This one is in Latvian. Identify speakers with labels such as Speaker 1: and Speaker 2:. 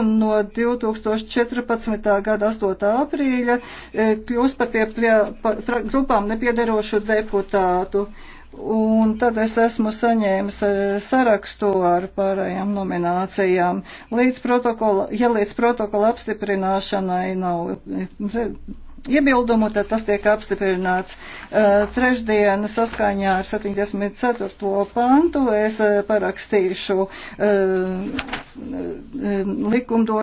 Speaker 1: un no 2014. gada 8. aprīļa e, kļūst par, pie, pie, par grupām nepiedarošu deputātu. Un tad es esmu saņēmis e, sarakstu ar pārējām nominācijām. Līdz protokola, ja līdz protokola apstiprināšanai nav e, iebildumu, tad tas tiek apstiprināts. Trešdien saskaņā ar 74. pantu es parakstīšu
Speaker 2: likumdošanu.